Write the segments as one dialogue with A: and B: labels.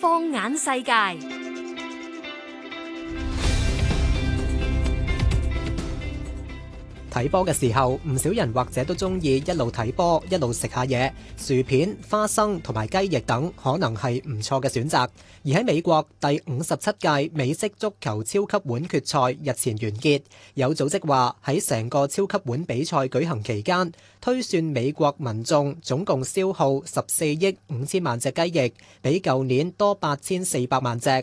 A: 放眼世界。睇波嘅時候，唔少人或者都中意一路睇波，一路食下嘢，薯片、花生同埋雞翼等可能係唔錯嘅選擇。而喺美國第五十七屆美式足球超級碗決賽日前完結，有組織話喺成個超級碗比賽舉行期間，推算美國民眾總共消耗十四億五千萬隻雞翼，比舊年多八千四百萬隻。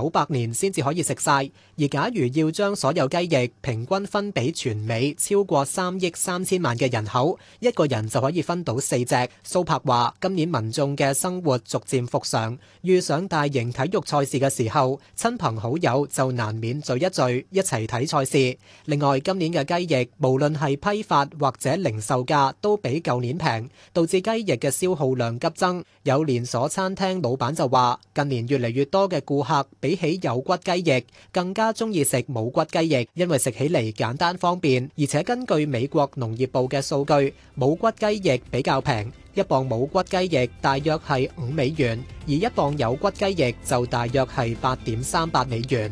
A: 九百年先至可以食晒，而假如要將所有雞翼平均分俾全美超過三億三千萬嘅人口，一個人就可以分到四隻。蘇柏話：今年民眾嘅生活逐漸復常，遇上大型體育賽事嘅時候，親朋好友就難免聚一聚，一齊睇賽事。另外，今年嘅雞翼無論係批發或者零售價都比舊年平，導致雞翼嘅消耗量急增。有連鎖餐廳老闆就話：近年越嚟越多嘅顧客比起有骨雞翼，更加中意食冇骨雞翼，因為食起嚟簡單方便，而且根據美國農業部嘅數據，冇骨雞翼比較平，一磅冇骨雞翼大約係五美元，而一磅有骨雞翼就大約係八點三八美元。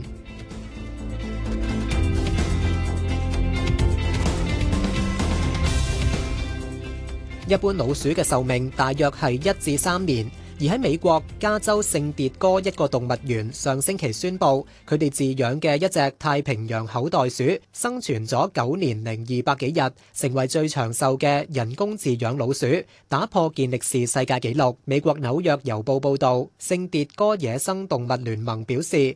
A: 一般老鼠嘅壽命大約係一至三年。而喺美國加州聖迭戈一個動物園，上星期宣布佢哋飼養嘅一隻太平洋口袋鼠生存咗九年零二百幾日，成為最長壽嘅人工飼養老鼠，打破健力士世界紀錄。美國紐約郵報報道，聖迭戈野生動物聯盟表示。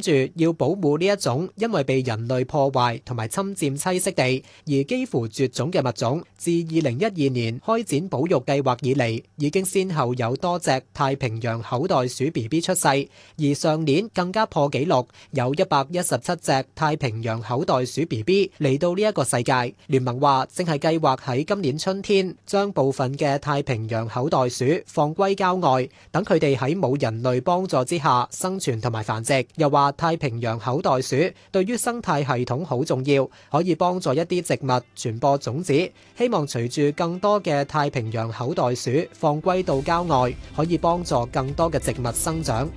A: 住要保護呢一種，因為被人類破壞同埋侵占棲息地而幾乎絕種嘅物種，自二零一二年開展保育計劃以嚟，已經先後有多隻太平洋口袋鼠 B B 出世，而上年更加破紀錄，有一百一十七隻太平洋口袋鼠 B B 嚟到呢一個世界。聯盟話正係計劃喺今年春天將部分嘅太平洋口袋鼠放歸郊外，等佢哋喺冇人類幫助之下生存同埋繁殖。又話。太平洋口袋鼠對於生態系統好重要，可以幫助一啲植物傳播種子。希望隨住更多嘅太平洋口袋鼠放歸到郊外，可以幫助更多嘅植物生長。